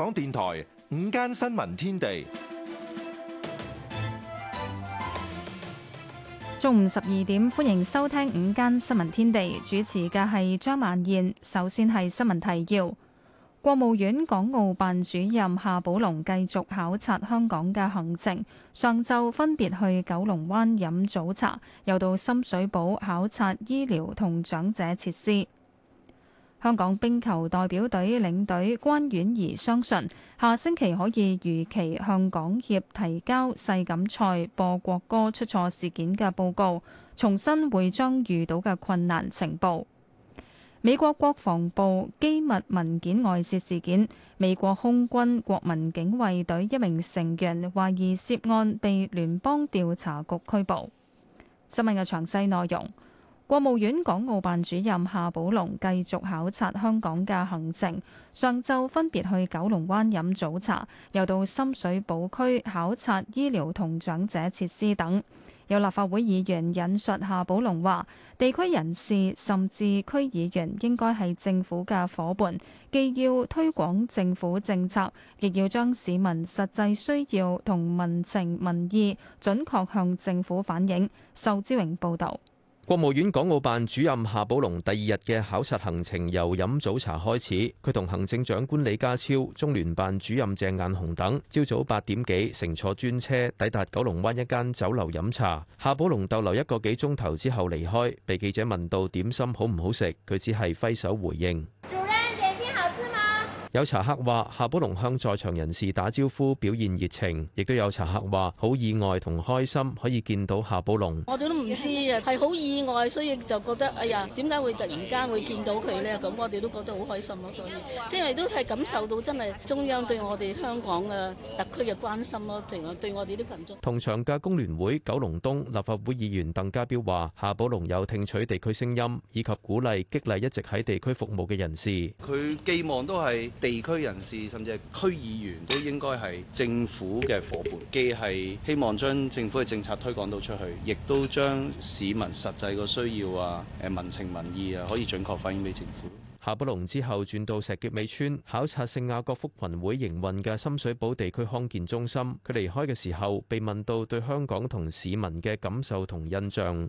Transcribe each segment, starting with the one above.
香港電台午間新聞天地，中午十二點，歡迎收聽午間新聞天地，主持嘅係張萬燕。首先係新聞提要，國務院港澳辦主任夏寶龍繼續考察香港嘅行程，上晝分別去九龍灣飲早茶，又到深水埗考察醫療同長者設施。香港冰球代表隊領隊關婉怡相信，下星期可以如期向港協提交世錦賽播國歌出錯事件嘅報告，重新會將遇到嘅困難呈報。美國國防部機密文件外泄事件，美國空軍國民警衛隊一名成員懷疑涉案，被聯邦調查局拘捕。新聞嘅詳細內容。國務院港澳辦主任夏寶龍繼續考察香港嘅行程。上晝分別去九龍灣飲早茶，又到深水埗區考察醫療同長者設施等。有立法會議員引述夏寶龍話，地區人士甚至區議員應該係政府嘅夥伴，既要推廣政府政策，亦要將市民實際需要同民情民意準確向政府反映。受之榮報導。國務院港澳辦主任夏寶龍第二日嘅考察行程由飲早茶開始，佢同行政長官李家超、中聯辦主任鄭雁雄等，朝早八點幾乘坐專車抵達九龍灣一間酒樓飲茶。夏寶龍逗留一個幾鐘頭之後離開，被記者問到點心好唔好食，佢只係揮手回應。有茶客話夏寶龍向在場人士打招呼，表現熱情；亦都有茶客話好意外同開心可以見到夏寶龍。我哋都唔知啊，係好意外，所以就覺得哎呀，點解會突然間會見到佢咧？咁我哋都覺得好開心咯。所以即係都係感受到真係中央對我哋香港嘅特區嘅關心咯，另外對我哋啲羣眾。同場嘅工聯會九龍東立法會議員鄧家彪話：夏寶龍有聽取地區聲音，以及鼓勵激勵一直喺地區服務嘅人士。佢寄望都係。地區人士甚至係區議員都應該係政府嘅伙伴，既係希望將政府嘅政策推廣到出去，亦都將市民實際嘅需要啊、誒民情民意啊，可以準確反映俾政府。夏寶龍之後轉到石硤尾邨考察聖雅各福群會營運嘅深水埗地區康健中心。佢離開嘅時候被問到對香港同市民嘅感受同印象。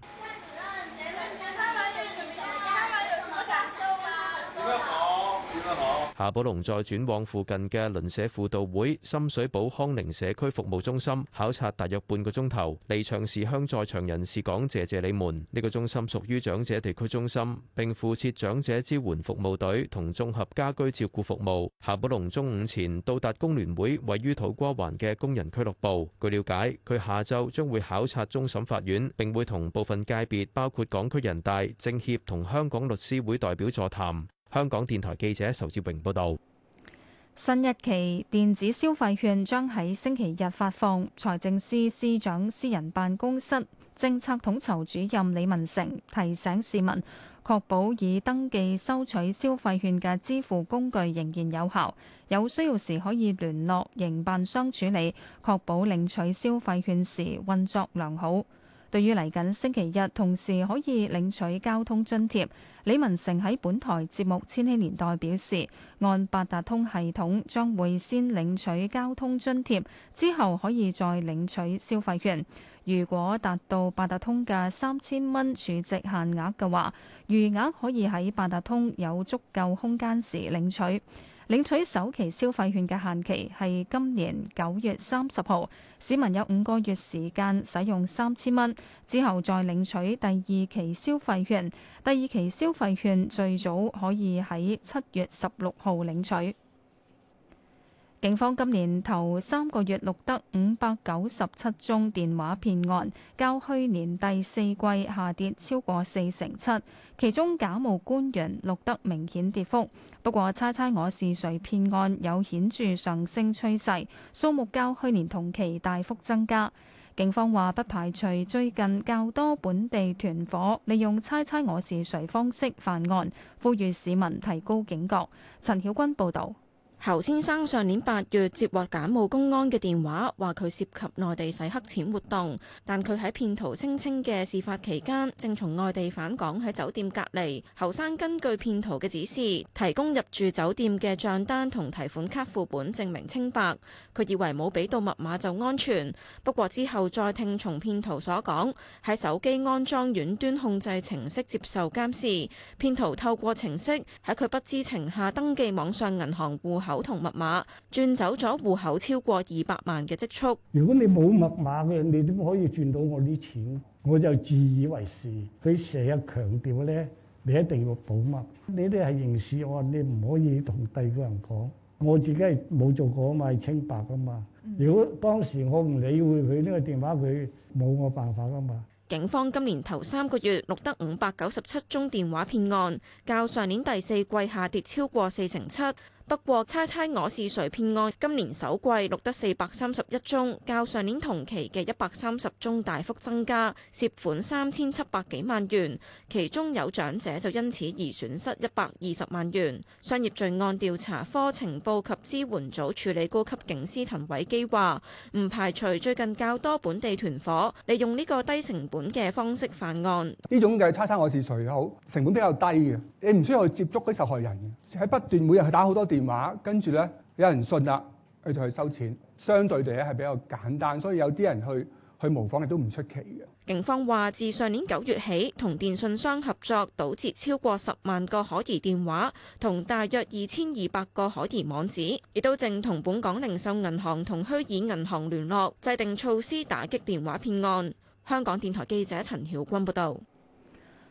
夏寶龍再轉往附近嘅鄰舍輔導會深水埗康寧社區服務中心考察大約半個鐘頭，離場時向在場人士講謝謝你們。呢個中心屬於長者地區中心，並附設長者支援服務隊同綜合家居照顧服務。夏寶龍中午前到達工聯會位於土瓜灣嘅工人俱樂部。據了解，佢下晝將會考察終審法院，並會同部分界別，包括港區人大、政協同香港律師會代表座談。香港電台記者仇志榮報道。新一期電子消費券將喺星期日發放。財政司司長私人辦公室政策統籌主任李文成提醒市民，確保已登記收取消費券嘅支付工具仍然有效，有需要時可以聯絡營辦商處理，確保領取消費券時運作良好。對於嚟緊星期日，同時可以領取交通津貼，李文成喺本台節目《千禧年代》表示，按八達通系統將會先領取交通津貼，之後可以再領取消費券。如果達到八達通嘅三千蚊儲值限額嘅話，餘額可以喺八達通有足夠空間時領取。領取首期消費券嘅限期係今年九月三十號，市民有五個月時間使用三千蚊，之後再領取第二期消費券。第二期消費券最早可以喺七月十六號領取。警方今年頭三個月錄得五百九十七宗電話騙案，較去年第四季下跌超過四成七。其中假冒官員錄得明顯跌幅，不過猜猜我是誰騙案有顯著上升趨勢，數目較去年同期大幅增加。警方話不排除最近較多本地團伙利用猜猜我是誰方式犯案，呼籲市民提高警覺。陳曉君報導。侯先生上年八月接獲假冒公安嘅電話，話佢涉及內地洗黑錢活動。但佢喺騙徒聲稱嘅事發期間，正從外地返港喺酒店隔離。侯生根據騙徒嘅指示，提供入住酒店嘅帳單同提款卡副本證明清白。佢以為冇俾到密碼就安全，不過之後再聽從騙徒所講，喺手機安裝遠端控制程式接受監視。騙徒透過程式喺佢不知情下登記網上銀行戶口。口同密碼轉走咗戶口超過二百萬嘅積蓄。如果你冇密碼嘅，你點可以轉到我啲錢？我就自以為是。佢成日強調咧，你一定要保密。呢啲係刑事案，你唔可以同第二個人講。我自己係冇做過啊嘛，係清白啊嘛。如果當時我唔理會佢呢個電話，佢冇我辦法噶嘛。警方今年頭三個月錄得五百九十七宗電話騙案，較上年第四季下跌超過四成七。不過，猜猜我是誰騙案今年首季錄得四百三十一宗，較上年同期嘅一百三十宗大幅增加，涉款三千七百幾萬元，其中有長者就因此而損失一百二十萬元。商業罪案調查科情報及支援組處理高級警司陳偉基話：唔排除最近較多本地團伙利用呢個低成本嘅方式犯案，呢種嘅猜猜我是誰好，成本比較低嘅，你唔需要去接觸啲受害人喺不斷每日去打好多電。電跟住咧，有人信啦，佢就去收錢，相對地咧係比較簡單，所以有啲人去去模仿亦都唔出奇嘅。警方話，自上年九月起，同電訊商合作，堵截超過十萬個可疑電話，同大約二千二百個可疑網址，亦都正同本港零售銀行同虛擬銀行聯絡，制定措施打擊電話騙案。香港電台記者陳曉君報道。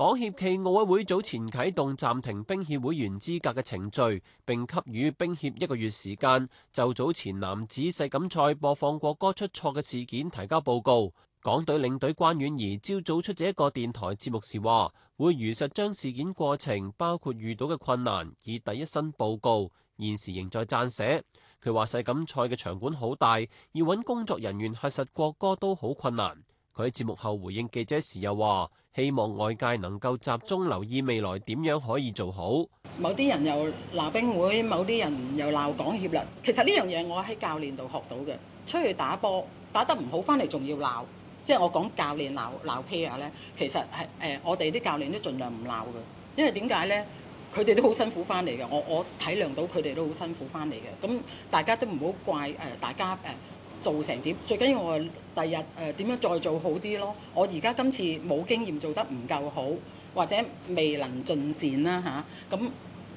港協暨奧委會早前啟動暫停冰協會員資格嘅程序，並給予冰協一個月時間就早前男子世錦賽播放國歌出錯嘅事件提交報告。港隊領隊關婉儀朝早出席一個電台節目時話：會如實將事件過程，包括遇到嘅困難，以第一身報告。現時仍在撰寫。佢話世錦賽嘅場館好大，要揾工作人員核實國歌都好困難。佢喺節目後回應記者時又話。希望外界能夠集中留意未來點樣可以做好。某啲人又鬧冰會，某啲人又鬧港協啦。其實呢樣嘢我喺教練度學到嘅。出去打波打得唔好，翻嚟仲要鬧。即係我講教練鬧鬧 pair 咧，其實係誒、呃、我哋啲教練都盡量唔鬧嘅。因為點解咧？佢哋都好辛苦翻嚟嘅。我我體諒到佢哋都好辛苦翻嚟嘅。咁、嗯、大家都唔好怪誒、呃，大家誒。呃做成點？最緊要我第日誒點樣再做好啲咯。我而家今次冇經驗做得唔夠好，或者未能盡善啦嚇，咁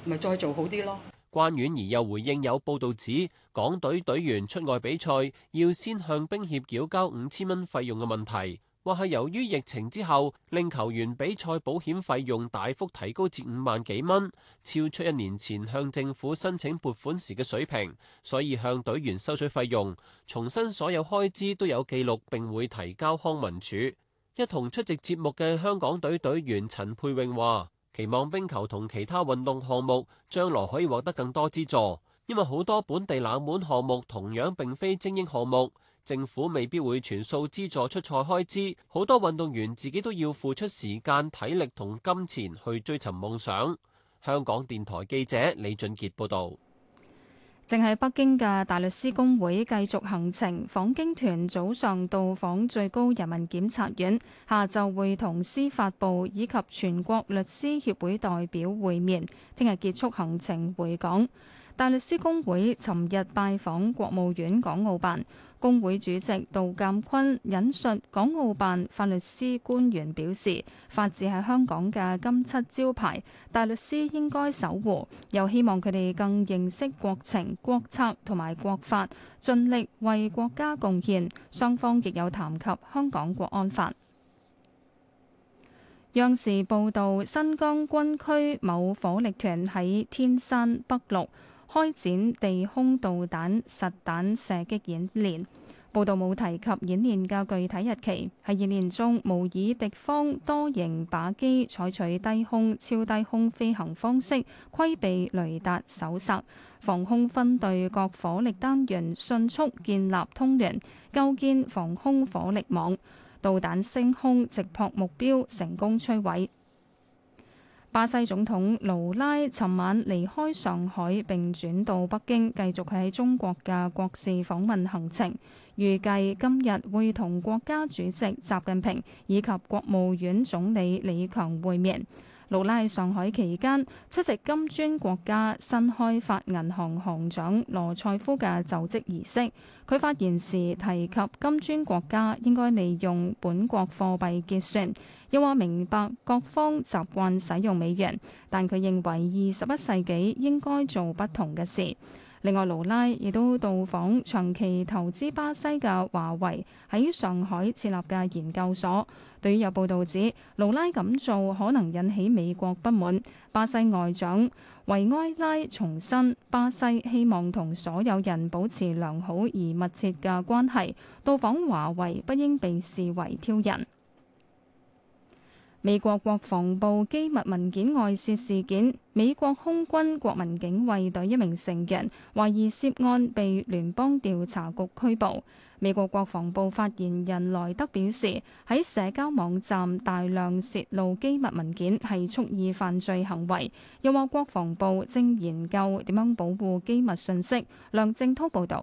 咪再做好啲咯。關婉兒又回應有報道指港隊隊員出外比賽要先向冰協繳交五千蚊費用嘅問題。話係由於疫情之後，令球員比賽保險費用大幅提高至五萬幾蚊，超出一年前向政府申請撥款時嘅水平，所以向隊員收取費用。重申所有開支都有記錄並會提交康文署。一同出席節目嘅香港隊隊員陳佩詠話：期望冰球同其他運動項目將來可以獲得更多資助，因為好多本地冷門項目同樣並非精英項目。政府未必會全數資助出賽開支，好多運動員自己都要付出時間、體力同金錢去追尋夢想。香港電台記者李俊杰報道。正喺北京嘅大律師公會繼續行程，訪京團早上到訪最高人民檢察院，下晝會同司法部以及全國律師協會代表會面，聽日結束行程回港。大律師公會尋日拜訪國務院港澳辦。工會主席杜鑑坤引述港澳辦法律師官員表示：法治係香港嘅金漆招牌，大律師應該守護，又希望佢哋更認識國情、國策同埋國法，盡力為國家貢獻。雙方亦有談及香港國安法。央視報道：新疆軍區某火力團喺天山北麓。開展地空導彈實彈射擊演練，報道冇提及演練嘅具體日期。喺演練中，模擬敵方多型靶機採取低空、超低空飛行方式，規避雷達搜殺，防空分隊各火力單元迅速建立通聯，構建防空火力網，導彈升空直撲目標，成功摧毀。巴西總統盧拉尋晚離開上海，並轉到北京，繼續喺中國嘅國事訪問行程。預計今日會同國家主席習近平以及國務院總理李強會面。盧拉喺上海期間出席金磚國家新開發銀行行長羅塞夫嘅就職儀式。佢發言時提及金磚國家應該利用本國貨幣結算。又話明白各方習慣使用美元，但佢認為二十一世紀應該做不同嘅事。另外，盧拉亦都到訪長期投資巴西嘅華為喺上海設立嘅研究所。對於有報導指盧拉咁做可能引起美國不滿，巴西外長維埃拉重申巴西希望同所有人保持良好而密切嘅關係，到訪華為不應被視為挑釁。美國國防部機密文件外洩事件，美國空軍國民警衛隊一名成員懷疑涉案，被聯邦調查局拘捕。美國國防部發言人萊德表示，喺社交網站大量洩露機密文件係蓄意犯罪行為，又話國防部正研究點樣保護機密信息。梁正濤報道。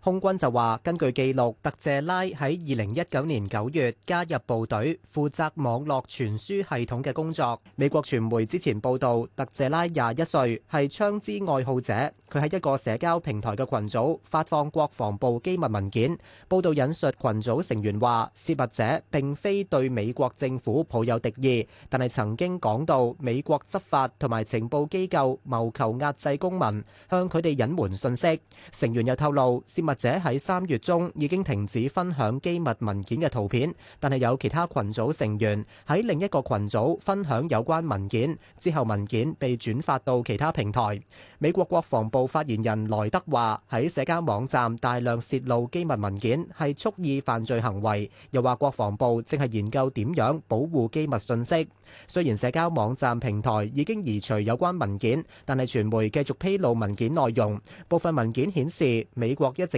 空軍就話，根據記錄，特謝拉喺2019年9月加入部隊，負責網絡傳輸系統嘅工作。美國傳媒之前報道，特謝拉廿一歲，係槍支愛好者。佢喺一個社交平台嘅羣組發放國防部機密文件。報道引述羣組成員話：泄密者並非對美國政府抱有敵意，但係曾經講到美國執法同埋情報機構謀求壓制公民，向佢哋隱瞞信息。成員又透露，泄或者喺三月中已經停止分享機密文件嘅圖片，但係有其他群組成員喺另一個群組分享有關文件，之後文件被轉發到其他平台。美國國防部發言人萊德話：喺社交網站大量泄露機密文件係蓄意犯罪行為，又話國防部正係研究點樣保護機密信息。雖然社交網站平台已經移除有關文件，但係傳媒繼續披露文件內容。部分文件顯示美國一直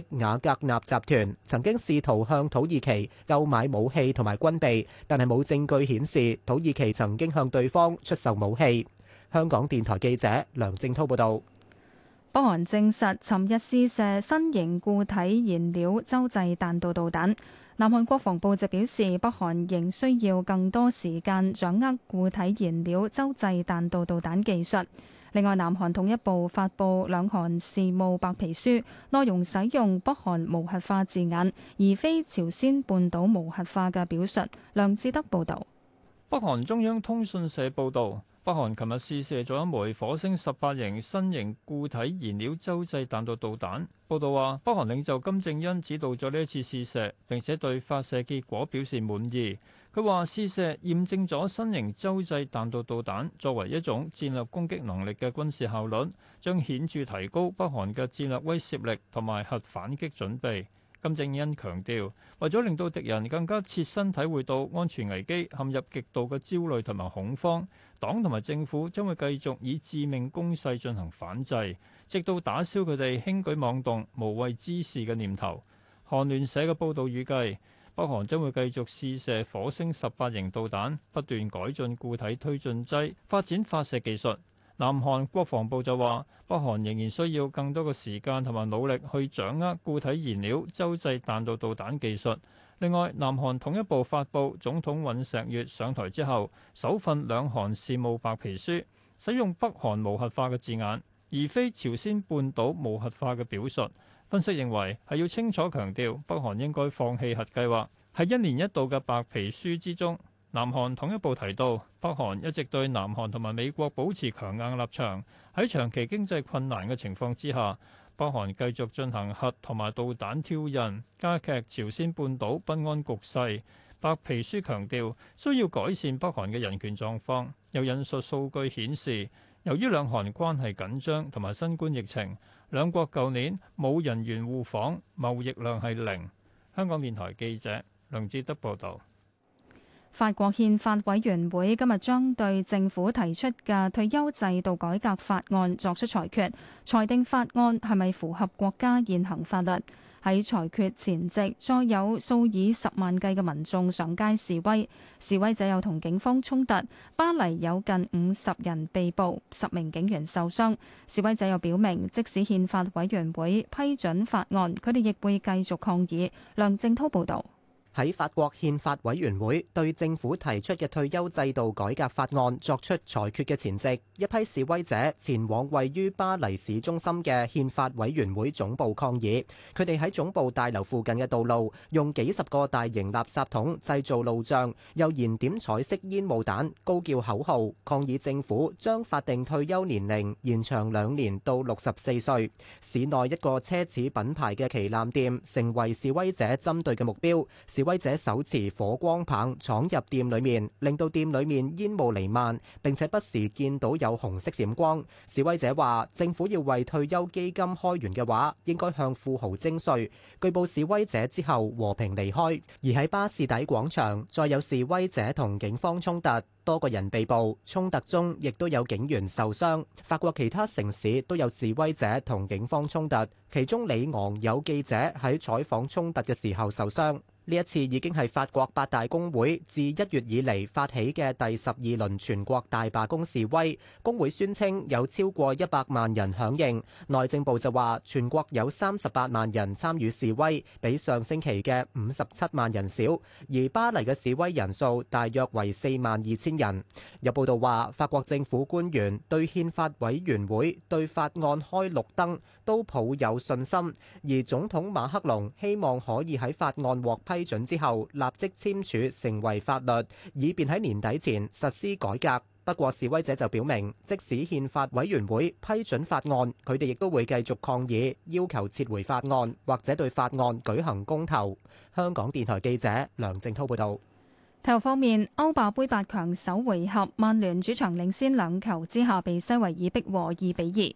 的瓦格納集團曾經試圖向土耳其購買武器同埋軍備，但係冇證據顯示土耳其曾經向對方出售武器。香港電台記者梁正滔報導。北韓證實尋日試射新型固體燃料洲際彈道導彈，南韓國防部就表示，北韓仍需要更多時間掌握固體燃料洲際彈道導彈技術。另外，南韓統一部發布兩韓事務白皮書，內容使用北韓無核化字眼，而非朝鮮半島無核化嘅表述。梁志德報導。北韓中央通訊社報導，北韓琴日試射咗一枚火星十八型新型固體燃料洲際彈道導彈。報導話，北韓領袖金正恩指導咗呢一次試射，並且對發射結果表示滿意。佢話試射驗證咗新型洲際彈道導彈作為一種戰略攻擊能力嘅軍事效率，將顯著提高北韓嘅戰略威懾力同埋核反擊準備。金正恩強調，為咗令到敵人更加切身體會到安全危機陷入極度嘅焦慮同埋恐慌，黨同埋政府將會繼續以致命攻勢進行反制，直到打消佢哋輕舉妄動、無謂之事嘅念頭。韓聯社嘅報導預計，北韓將會繼續試射火星十八型導彈，不斷改進固體推進劑，發展發射技術。南韓國防部就話，北韓仍然需要更多嘅時間同埋努力去掌握固體燃料洲際彈道導彈技術。另外，南韓統一部發布總統尹錫悅上台之後首份兩韓事務白皮書，使用北韓無核化嘅字眼，而非朝鮮半島無核化嘅表述。分析認為係要清楚強調北韓應該放棄核計劃。喺一年一度嘅白皮書之中，南韓統一部提到北韓一直對南韓同埋美國保持強硬立場。喺長期經濟困難嘅情況之下，北韓繼續進行核同埋導彈挑釁，加劇朝鮮半島不安局勢。白皮書強調需要改善北韓嘅人權狀況。有引述數據顯示，由於兩韓關係緊張同埋新冠疫情，兩國舊年冇人員互訪，貿易量係零。香港電台記者梁志德報道：「法國憲法委員會今日將對政府提出嘅退休制度改革法案作出裁決，裁定法案係咪符合國家現行法律？喺裁決前夕，再有數以十萬計嘅民眾上街示威，示威者又同警方衝突。巴黎有近五十人被捕，十名警員受傷。示威者又表明，即使憲法委員會批准法案，佢哋亦會繼續抗議。梁正滔報導。喺法國憲法委員會對政府提出嘅退休制度改革法案作出裁決嘅前夕，一批示威者前往位於巴黎市中心嘅憲法委員會總部抗議，佢哋喺總部大樓附近嘅道路用幾十個大型垃圾桶製造路障，又燃點彩色煙霧彈高叫口號抗議政府將法定退休年齡延長兩年到六十四歲，市內一個奢侈品牌嘅旗艦店成為示威者針對嘅目標。示威者手持火光棒闖入店裏面，令到店裏面煙霧彌漫，並且不時見到有紅色閃光。示威者話：政府要為退休基金開源嘅話，應該向富豪徵稅。據報，示威者之後和平離開。而喺巴士底廣場，再有示威者同警方衝突，多個人被捕。衝突中亦都有警員受傷。法國其他城市都有示威者同警方衝突，其中里昂有記者喺採訪衝突嘅時候受傷。呢一次已經係法國八大工會自一月以嚟發起嘅第十二輪全國大罷工示威，工會宣稱有超過一百萬人響應。內政部就話全國有三十八萬人參與示威，比上星期嘅五十七萬人少。而巴黎嘅示威人數大約為四萬二千人。有報道話法國政府官員對憲法委員會對法案開綠燈都抱有信心，而總統馬克龍希望可以喺法案獲批批准之後立即簽署成為法律，以便喺年底前實施改革。不過示威者就表明，即使憲法委員會批准法案，佢哋亦都會繼續抗議，要求撤回法案或者對法案舉行公投。香港電台記者梁靜濤報道。體育方面，歐霸盃八強首回合，曼聯主場領先兩球之下被西維爾逼和二比二。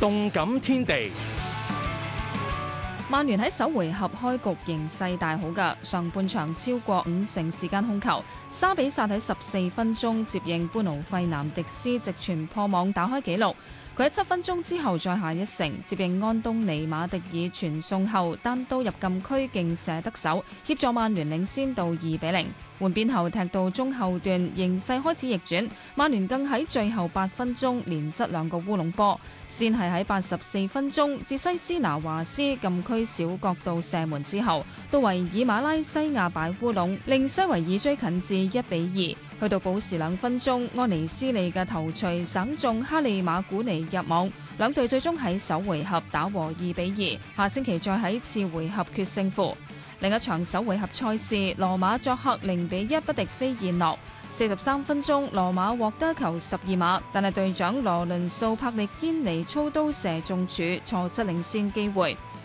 動感天地。曼聯喺首回合開局形勢大好，噶上半場超過五成時間控球。沙比薩喺十四分鐘接應般奴費南迪斯直傳破網，打開紀錄。佢喺七分鐘之後再下一城，接應安東尼馬迪爾傳送後單刀入禁區勁射得手，協助曼聯領先到二比零。換邊後踢到中後段形勢開始逆轉，曼聯更喺最後八分鐘連失兩個烏龍波，先係喺八十四分鐘哲西斯拿華斯禁區小角度射門之後，到維爾馬拉西亞擺烏龍，令西維爾追近至一比二。去到補時兩分鐘，安尼斯利嘅頭槌省中，哈利馬古尼入網，兩隊最終喺首回合打和二比二。下星期再喺次回合決勝負。另一場首回合賽事，羅馬作客零比一不敵飛燕諾。四十三分鐘，羅馬獲得球十二碼，但係隊長羅倫素帕列堅尼操刀射中柱，錯失領先機會。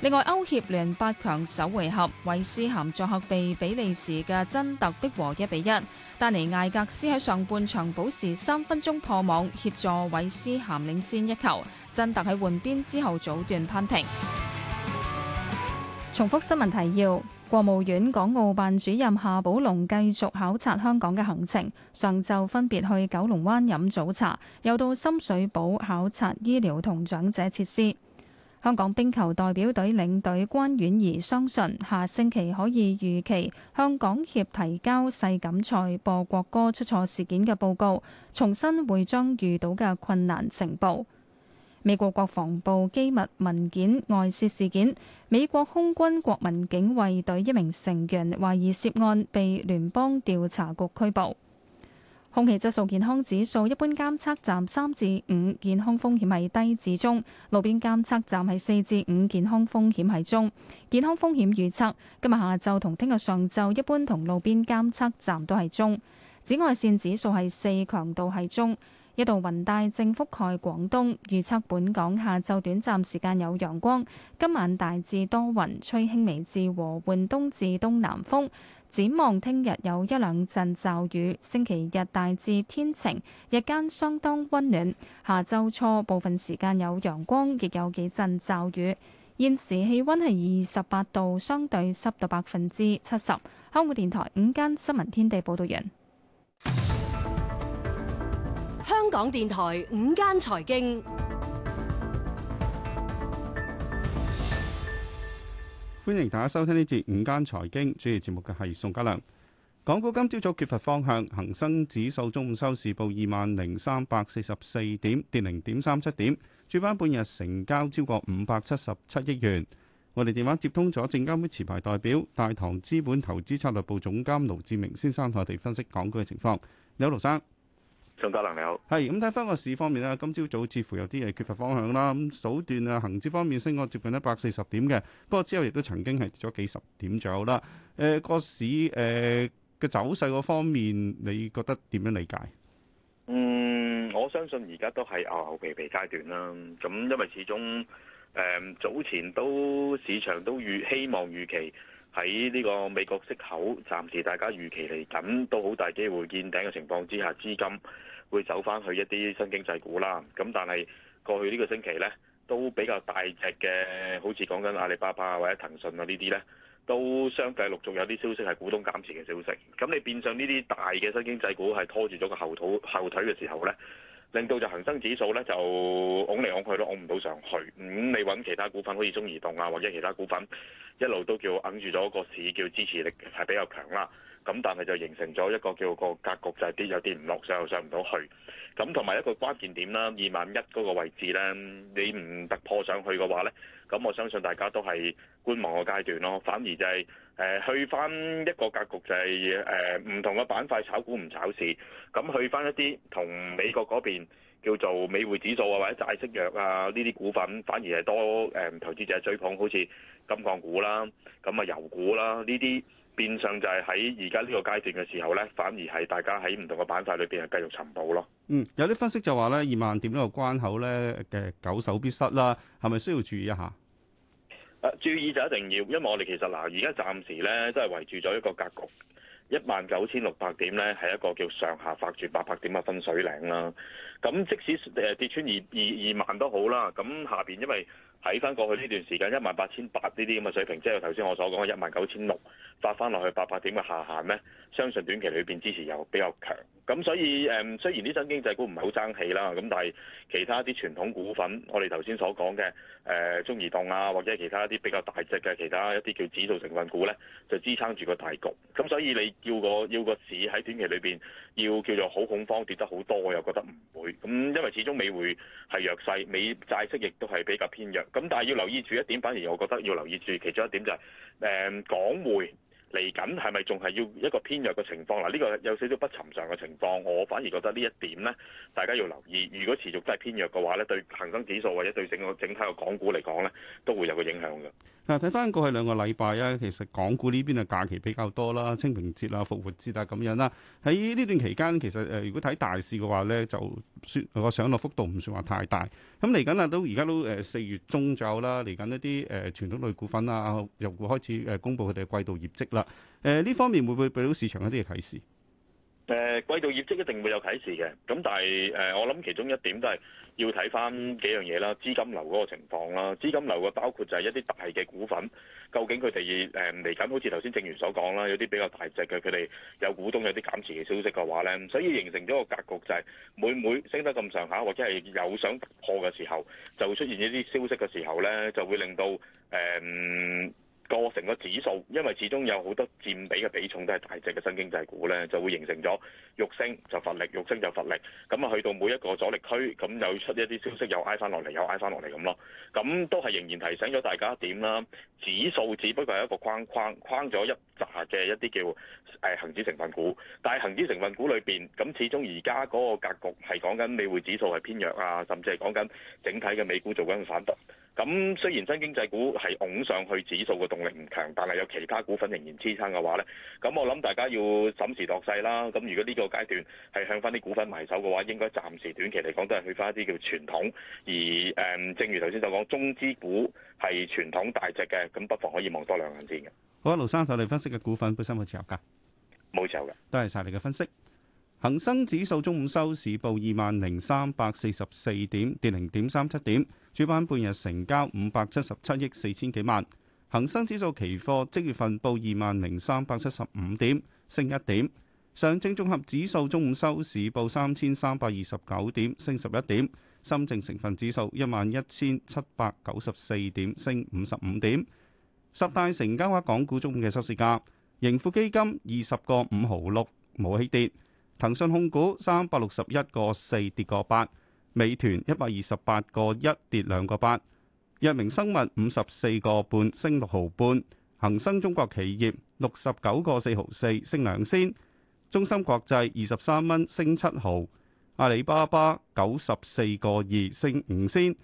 另外，歐協聯八強首回合，韋斯咸作客被比利時嘅真特逼和一比一。丹尼艾格斯喺上半場保持三分鐘破網，協助韋斯咸領先一球。真特喺換邊之後早段扳平。重複新聞提要：國務院港澳辦主任夏寶龍繼續考察香港嘅行程。上晝分別去九龍灣飲早茶，又到深水埗考察醫療同長者設施。香港冰球代表隊領隊關婉儀相信，下星期可以預期向港協提交世錦賽播國歌出錯事件嘅報告，重新會將遇到嘅困難呈報。美國國防部機密文件外泄事，事件，美國空軍國民警衛隊一名成員懷疑涉案，被聯邦調查局拘捕。空氣質素健康指數一般監測站三至五，健康風險係低至中；路邊監測站係四至五，健康風險係中。健康風險預測今日下晝同聽日上晝一般同路邊監測站都係中。紫外綫指數係四，強度係中。一道雲帶正覆蓋廣東，預測本港下晝短暫時間有陽光。今晚大致多雲，吹輕微至和緩東至東南風。展望聽日有一兩陣驟雨，星期日大致天晴，日間相當溫暖。下週初部分時間有陽光，亦有幾陣驟雨。現時氣溫係二十八度，相對濕度百分之七十。香港電台午間新聞天地，報道完。香港電台午間財經。歡迎大家收聽呢節午間財經，主持節目嘅係宋家良。港股今朝早缺乏方向，恒生指數中午收市報二萬零三百四十四點，跌零點三七點。主板半日成交超過五百七十七億元。我哋電話接通咗證監會持牌代表大唐資本投資策略部總監盧志明先生，同我哋分析港股嘅情況。有盧生。宋德良，你好，係咁睇翻個市方面啦，今朝早，早似乎有啲嘢，缺乏方向啦。咁首段啊，恒指方面升過接近一百四十點嘅，不過之後亦都曾經係跌咗幾十點左右啦。誒、呃，個市誒嘅、呃、走勢個方面，你覺得點樣理解？嗯，我相信而家都係牛牛皮皮階段啦。咁因為始終誒、呃、早前都市場都預希望預期。喺呢個美國息口，暫時大家預期嚟緊都好大機會見頂嘅情況之下，資金會走翻去一啲新經濟股啦。咁但係過去呢個星期呢，都比較大隻嘅，好似講緊阿里巴巴或者騰訊啊呢啲呢，都相繼陸續有啲消息係股東減持嘅消息。咁你變相呢啲大嘅新經濟股係拖住咗個後土後腿嘅時候呢。令到就恒生指數咧就拱嚟拱去都拱唔到上去。咁、嗯、你揾其他股份，可以中移動啊，或者其他股份一路都叫揞住咗個市，叫支持力係比較強啦。咁但係就形成咗一個叫個格局，就係跌又跌唔落，上又上唔到去。咁同埋一個關鍵點啦，二萬一嗰個位置咧，你唔突破上去嘅話咧，咁我相信大家都係觀望個階段咯。反而就係、是。誒去翻一個格局就係誒唔同嘅板塊炒股唔炒市，咁去翻一啲同美國嗰邊叫做美匯指數啊或者債息弱啊呢啲股份反而係多誒、呃、投資者追捧，好似金礦股啦，咁、嗯、啊油股啦，呢啲變相就係喺而家呢個階段嘅時候咧，反而係大家喺唔同嘅板塊裏邊係繼續尋寶咯。嗯，有啲分析就話咧，二萬點呢個關口咧嘅久守必失啦，係咪需要注意一下？啊、注意就一定要，因為我哋其實嗱，而、啊、家暫時咧都係圍住咗一個格局，一萬九千六百點咧係一個叫上下橫住八百點嘅分水嶺啦。咁即使誒跌穿二二二萬都好啦，咁下邊因為。睇翻過去呢段時間一萬八千八呢啲咁嘅水平，即係頭先我所講嘅一萬九千六，發翻落去八百點嘅下限呢，相信短期裏邊支持又比較強。咁所以誒，雖然呢新經濟股唔係好爭氣啦，咁但係其他啲傳統股份，我哋頭先所講嘅誒中移動啊，或者其他啲比較大隻嘅其他一啲叫指數成分股呢，就支撐住個大局。咁所以你叫個要個市喺短期裏邊要叫做好恐慌跌得好多，我又覺得唔會。咁因為始終美匯係弱勢，美債息亦都係比較偏弱。咁但係要留意住一點，反而我覺得要留意住其中一點，就是，就係誒港匯。嚟緊係咪仲係要一個偏弱嘅情況嗱？呢個有少少不尋常嘅情況，我反而覺得呢一點呢，大家要留意。如果持續都係偏弱嘅話呢，對恒生指數或者對整個整體嘅港股嚟講呢，都會有個影響嘅。嗱，睇翻過去兩個禮拜啊，其實港股呢邊嘅假期比較多啦，清明節啊、復活節啊咁樣啦。喺呢段期間，其實誒如果睇大市嘅話呢，就算上落幅度唔算話太大。咁嚟緊啊，都而家都誒四月中左右啦，嚟緊一啲誒傳統類股份啊，入股開始誒公布佢哋嘅季度業績啦。誒呢方面會唔會俾到市場一啲嘅啟示？誒、呃，季度業績一定會有啟示嘅，咁但係誒、呃，我諗其中一點都係要睇返幾樣嘢啦，資金流嗰個情況啦，資金流嘅包括就係一啲大嘅股份，究竟佢哋誒嚟緊，好似頭先正如所講啦，有啲比較大隻嘅，佢哋有股東有啲減持嘅消息嘅話咧，所以形成咗個格局就係、是、每每升得咁上下，或者係有想突破嘅時候，就出現一啲消息嘅時候咧，就會令到誒。呃個成個指數，因為始終有好多佔比嘅比重都係大隻嘅新經濟股咧，就會形成咗欲升就乏力，欲升就乏力。咁啊，去到每一個阻力區，咁又出一啲消息，又挨翻落嚟，又挨翻落嚟咁咯。咁都係仍然提醒咗大家一點啦。指數只不過係一個框框框咗一紮嘅一啲叫誒恆指成分股，但係恒指成分股裏邊，咁始終而家嗰個格局係講緊美匯指數係偏弱啊，甚至係講緊整體嘅美股做緊反彈。咁雖然新經濟股係拱上去指數嘅動力唔強，但係有其他股份仍然支撐嘅話咧，咁我諗大家要審時度勢啦。咁如果呢個階段係向翻啲股份埋手嘅話，應該暫時短期嚟講都係去翻一啲叫傳統。而誒、嗯，正如頭先所講，中資股係傳統大隻嘅，咁不妨可以望多兩眼先。嘅。好，盧生手裏分析嘅股份本身有冇持有㗎？冇持有嘅。多謝晒你嘅分析。恒生指數中午收市報二萬零三百四十四點，跌零點三七點。主板半日成交五百七十七億四千幾萬。恒生指數期貨即月份報二萬零三百七十五點，升一點。上證綜合指數中午收市報三千三百二十九點，升十一點。深證成分指數一萬一千七百九十四點，升五十五點。十大成交額港股中午嘅收市價，盈富基金二十個五毫六，冇起跌。騰訊控股三百六十一個四跌個八，美團一百二十八個一跌兩個八，藥明生物五十四個半升六毫半，恒生中國企業六十九個四毫四升兩仙，中芯國際二十三蚊升七毫，阿里巴巴九十四個二升五仙，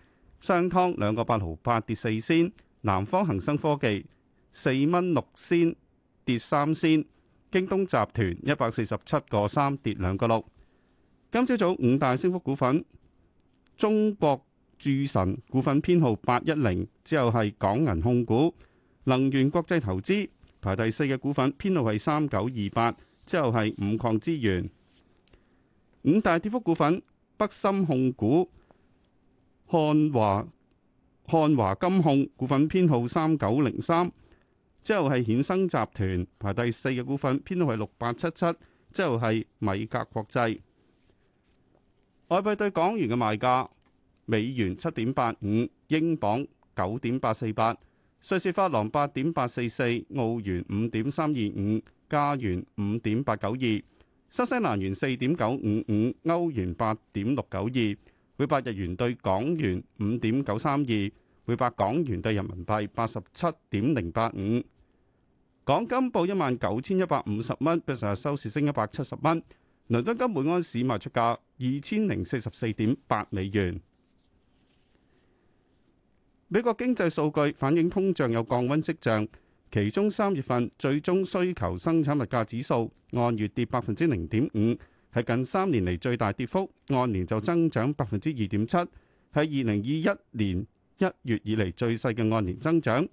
商湯兩個八毫八跌四仙，南方恒生科技四蚊六仙跌三仙。京東集團一百四十七個三跌兩個六。今朝早，早五大升幅股份，中國巨神股份編號八一零，之後係港銀控股、能源國際投資排第四嘅股份編號係三九二八，之後係五礦資源。五大跌幅股份，北深控股、漢華漢華金控股份編號三九零三。之後係衍生集團排第四嘅股份，編號係六八七七。之後係米格國際。外幣對港元嘅賣價：美元七點八五，英鎊九點八四八，瑞士法郎八點八四四，澳元五點三二五，加元五點八九二，新西蘭元四點九五五，歐元八點六九二，每百日元對港元五點九三二，每百港元對人民幣八十七點零八五。港金報一萬九千一百五十蚊，比上日收市升一百七十蚊。倫敦金每安士賣出價二千零四十四點八美元。美國經濟數據反映通脹有降温跡象，其中三月份最終需求生產物價指數按月跌百分之零點五，係近三年嚟最大跌幅，按年就增長百分之二點七，係二零二一年一月以嚟最細嘅按年增長。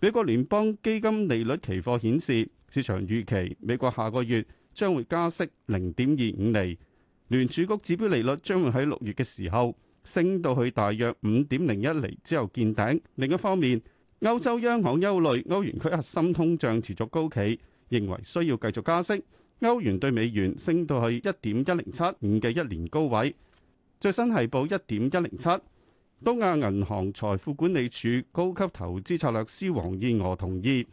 美國聯邦基金利率期貨顯示，市場預期美國下個月將會加息零點二五厘。聯儲局指標利率將會喺六月嘅時候升到去大約五點零一厘之後見頂。另一方面，歐洲央行憂慮歐元區核心通脹持續高企，認為需要繼續加息。歐元對美元升到去一點一零七五嘅一年高位，最新係報一點一零七。東亞銀行財富管理處高級投資策略師黃燕娥同意，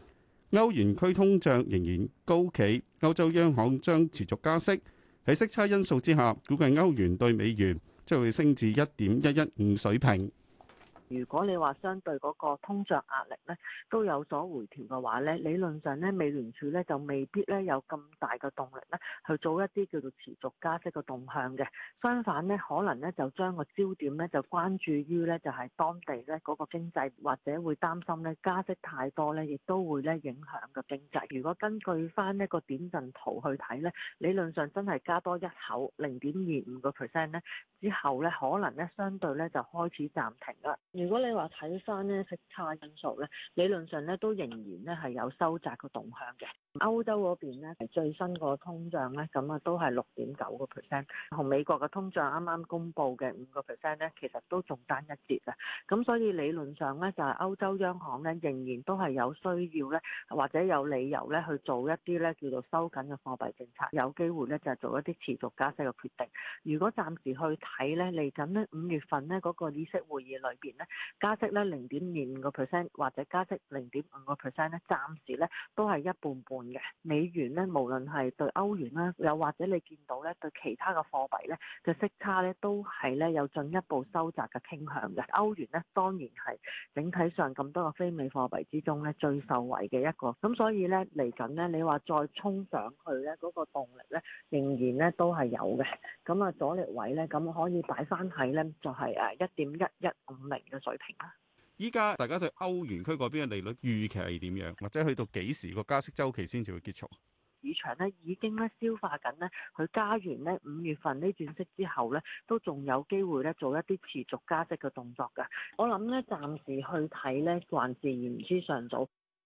歐元區通脹仍然高企，歐洲央行將持續加息。喺息差因素之下，估計歐元兌美元將會升至一點一一五水平。如果你話相對嗰個通脹壓力咧都有所回調嘅話咧，理論上咧，美聯儲咧就未必咧有咁大嘅動力咧去做一啲叫做持續加息嘅動向嘅。相反咧，可能咧就將個焦點咧就關注於咧就係當地咧嗰個經濟，或者會擔心咧加息太多咧，亦都會咧影響個經濟。如果根據翻呢個點陣圖去睇咧，理論上真係加多一口零點二五個 percent 咧之後咧，可能咧相對咧就開始暫停啦。如果你話睇翻咧，息差因素咧，理論上咧都仍然咧係有收窄個動向嘅。歐洲嗰邊咧最新個通脹咧，咁啊都係六點九個 percent，同美國嘅通脹啱啱公布嘅五個 percent 咧，其實都仲單一截啊。咁所以理論上咧，就係歐洲央行咧仍然都係有需要咧，或者有理由咧去做一啲咧叫做收緊嘅貨幣政策，有機會咧就係做一啲持續加息嘅決定。如果暫時去睇咧嚟緊咧五月份咧嗰個議息會議裏邊咧，加息咧零點二五個 percent 或者加息零點五個 percent 咧，暫時咧都係一半半。美元咧，無論係對歐元啦，又或者你見到咧對其他嘅貨幣咧嘅息差咧，都係咧有進一步收窄嘅傾向嘅。歐元咧當然係整體上咁多個非美貨幣之中咧最受惠嘅一個，咁所以咧嚟緊咧你話再衝上去咧嗰個動力咧仍然咧都係有嘅，咁啊阻力位咧咁可以擺返喺咧就係誒一點一一五零嘅水平啦。依家大家對歐元區嗰邊嘅利率預期係點樣？或者去到幾時個加息周期先至會結束？市場咧已經咧消化緊咧，佢加完咧五月份呢轉息之後咧，都仲有機會咧做一啲持續加息嘅動作㗎。我諗咧，暫時去睇咧，還是言之尚早。